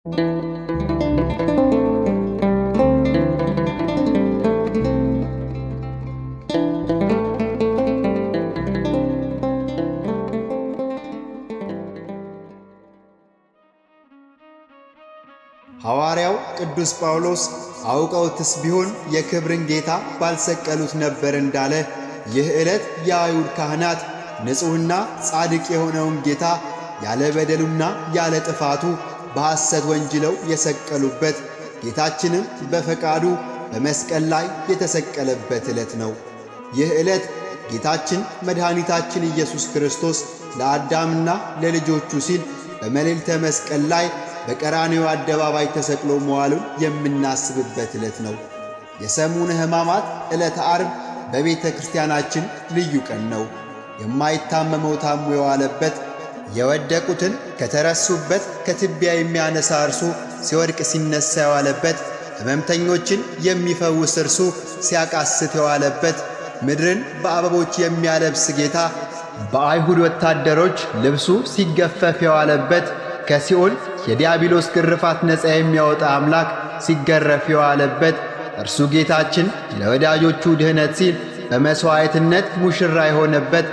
ሐዋርያው ቅዱስ ጳውሎስ አውቀውትስ ቢሆን የክብርን ጌታ ባልሰቀሉት ነበር እንዳለ ይህ ዕለት የአይሁድ ካህናት ንጹሕና ጻድቅ የሆነውን ጌታ ያለ በደሉና ያለ ጥፋቱ በሐሰት ወንጅለው የሰቀሉበት ጌታችንም በፈቃዱ በመስቀል ላይ የተሰቀለበት ዕለት ነው። ይህ ዕለት ጌታችን መድኃኒታችን ኢየሱስ ክርስቶስ ለአዳምና ለልጆቹ ሲል በመልዕልተ መስቀል ላይ በቀራኔው አደባባይ ተሰቅሎ መዋሉን የምናስብበት ዕለት ነው። የሰሙነ ሕማማት ዕለተ ዓርብ በቤተ ክርስቲያናችን ልዩ ቀን ነው። የማይታመመው ታሞ የዋለበት የወደቁትን ከተረሱበት ከትቢያ የሚያነሳ እርሱ ሲወድቅ ሲነሳ የዋለበት ሕመምተኞችን የሚፈውስ እርሱ ሲያቃስት የዋለበት ምድርን በአበቦች የሚያለብስ ጌታ በአይሁድ ወታደሮች ልብሱ ሲገፈፍ የዋለበት ከሲኦል የዲያብሎስ ግርፋት ነፃ የሚያወጣ አምላክ ሲገረፍ የዋለበት እርሱ ጌታችን ለወዳጆቹ ድኅነት ሲል በመሥዋዕትነት ሙሽራ የሆነበት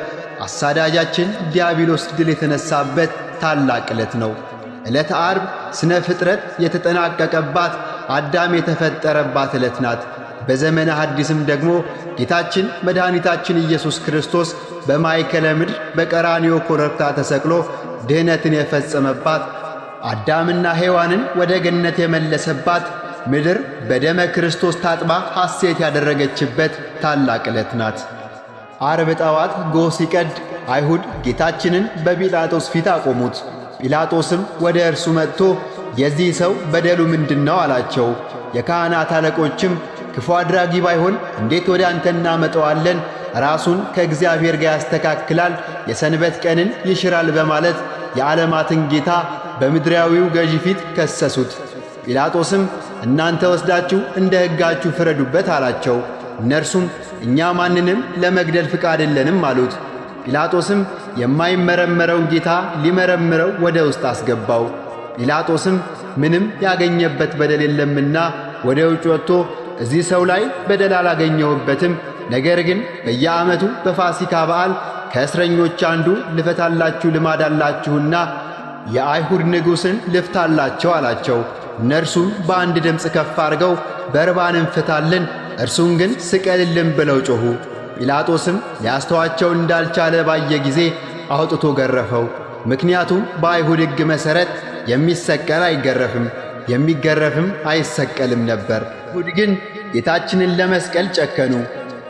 አሳዳጃችን ዲያብሎስ ድል የተነሳበት ታላቅ ዕለት ነው። ዕለተ ዓርብ ሥነ ፍጥረት የተጠናቀቀባት አዳም የተፈጠረባት ዕለት ናት። በዘመነ ሐዲስም ደግሞ ጌታችን መድኃኒታችን ኢየሱስ ክርስቶስ በማይከለ ምድር በቀራኒዮ ኮረብታ ተሰቅሎ ድኅነትን የፈጸመባት አዳምና ሔዋንን ወደ ገነት የመለሰባት ምድር በደመ ክርስቶስ ታጥባ ሐሴት ያደረገችበት ታላቅ ዕለት ናት። አርብ ጠዋት ሲቀድ አይሁድ ጌታችንን በጲላጦስ ፊት አቆሙት። ጲላጦስም ወደ እርሱ መጥቶ የዚህ ሰው በደሉ ነው? አላቸው። የካህናት አለቆችም ክፉ አድራጊ ባይሆን እንዴት ወደ አንተ እናመጠዋለን? ራሱን ከእግዚአብሔር ጋር ያስተካክላል፣ የሰንበት ቀንን ይሽራል በማለት የዓለማትን ጌታ በምድራዊው ገዢ ፊት ከሰሱት። ጲላጦስም እናንተ ወስዳችሁ እንደ ሕጋችሁ ፍረዱበት አላቸው። እነርሱም እኛ ማንንም ለመግደል ፍቃድ የለንም አሉት። ጲላጦስም የማይመረመረውን ጌታ ሊመረምረው ወደ ውስጥ አስገባው። ጲላጦስም ምንም ያገኘበት በደል የለምና ወደ ውጭ ወጥቶ እዚህ ሰው ላይ በደል አላገኘሁበትም፣ ነገር ግን በየዓመቱ በፋሲካ በዓል ከእስረኞች አንዱ ልፈታላችሁ ልማድ አላችሁና የአይሁድ ንጉሥን ልፍታላቸው አላቸው። እነርሱም በአንድ ድምፅ ከፍ አድርገው በርባንን ፍታልን እርሱን ግን ስቀልልን ብለው ጮኹ። ጲላጦስም ሊያስተዋቸው እንዳልቻለ ባየ ጊዜ አውጥቶ ገረፈው። ምክንያቱም በአይሁድ ሕግ መሠረት የሚሰቀል አይገረፍም፣ የሚገረፍም አይሰቀልም ነበር። አይሁድ ግን ጌታችንን ለመስቀል ጨከኑ።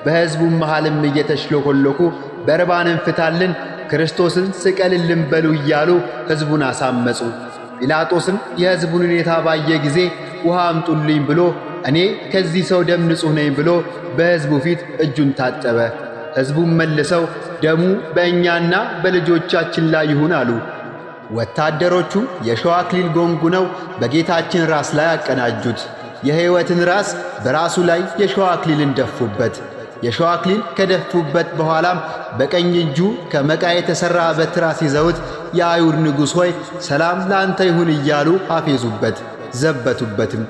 በሕዝቡም መሃልም እየተሽሎኮለኩ በርባን እንፍታልን፣ ክርስቶስን ስቀልልን በሉ እያሉ ሕዝቡን አሳመፁ። ጲላጦስም የሕዝቡን ሁኔታ ባየ ጊዜ ውሃ አምጡልኝ ብሎ እኔ ከዚህ ሰው ደም ንጹሕ ነኝ ብሎ በሕዝቡ ፊት እጁን ታጠበ። ሕዝቡም መልሰው ደሙ በእኛና በልጆቻችን ላይ ይሁን አሉ። ወታደሮቹ የሸዋ አክሊል ጎንጉነው በጌታችን ራስ ላይ አቀናጁት። የሕይወትን ራስ በራሱ ላይ የሸዋ አክሊልን ደፉበት። የሸዋ አክሊል ከደፉበት በኋላም በቀኝ እጁ ከመቃ የተሠራ በትር ይዘውት የአይሁድ ንጉሥ ሆይ ሰላም ለአንተ ይሁን እያሉ አፌዙበት፣ ዘበቱበትም።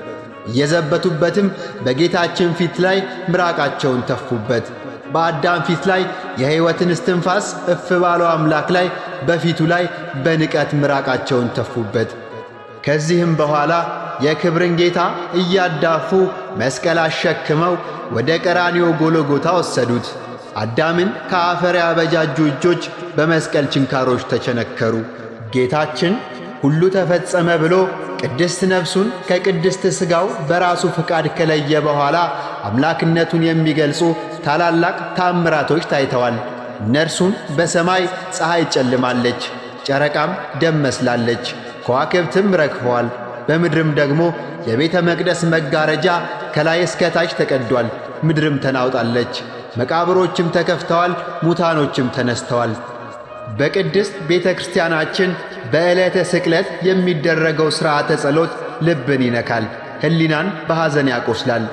እየዘበቱበትም በጌታችን ፊት ላይ ምራቃቸውን ተፉበት። በአዳም ፊት ላይ የሕይወትን እስትንፋስ እፍ ባለው አምላክ ላይ በፊቱ ላይ በንቀት ምራቃቸውን ተፉበት። ከዚህም በኋላ የክብርን ጌታ እያዳፉ መስቀል አሸክመው ወደ ቀራንዮ ጎሎጎታ ወሰዱት። አዳምን ከአፈር ያበጃጁ እጆች በመስቀል ችንካሮች ተቸነከሩ። ጌታችን ሁሉ ተፈጸመ ብሎ ቅድስት ነፍሱን ከቅድስት ሥጋው በራሱ ፍቃድ ከለየ በኋላ አምላክነቱን የሚገልጹ ታላላቅ ታምራቶች ታይተዋል። እነርሱም በሰማይ ፀሐይ ጨልማለች፣ ጨረቃም ደም መስላለች፣ ከዋክብትም ረግፈዋል። በምድርም ደግሞ የቤተ መቅደስ መጋረጃ ከላይ እስከ ታች ተቀዷል፣ ምድርም ተናውጣለች፣ መቃብሮችም ተከፍተዋል፣ ሙታኖችም ተነስተዋል። በቅድስት ቤተ ክርስቲያናችን በዕለተ ስቅለት የሚደረገው ሥርዓተ ጸሎት ልብን ይነካል፣ ሕሊናን በሐዘን ያቆስላል።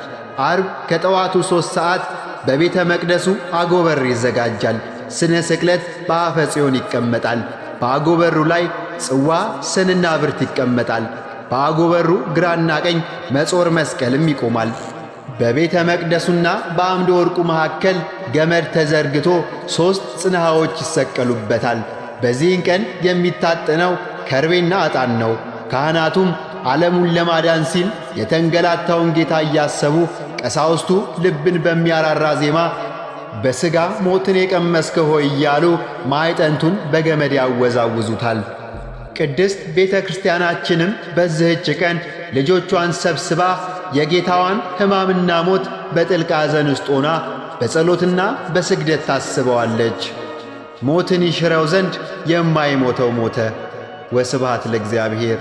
አርብ ከጠዋቱ ሦስት ሰዓት በቤተ መቅደሱ አጎበር ይዘጋጃል። ስነ ስቅለት በአፈ ጽዮን ይቀመጣል። በአጎበሩ ላይ ጽዋ፣ ስንና ብርት ይቀመጣል። በአጎበሩ ግራና ቀኝ መጾር መስቀልም ይቆማል። በቤተ መቅደሱና በአምደ ወርቁ መካከል ገመድ ተዘርግቶ ሦስት ጽንሃዎች ይሰቀሉበታል። በዚህን ቀን የሚታጠነው ከርቤና ዕጣን ነው። ካህናቱም ዓለሙን ለማዳን ሲል የተንገላታውን ጌታ እያሰቡ ቀሳውስቱ ልብን በሚያራራ ዜማ በሥጋ ሞትን የቀመስከ ሆይ እያሉ ማዕጠንቱን በገመድ ያወዛውዙታል። ቅድስት ቤተ ክርስቲያናችንም በዚህች ቀን ልጆቿን ሰብስባ የጌታዋን ሕማምና ሞት በጥልቅ ሐዘን ውስጥ ሆና በጸሎትና በስግደት ታስበዋለች። ሞትን ይሽረው ዘንድ የማይሞተው ሞተ። ወስብሐት ለእግዚአብሔር።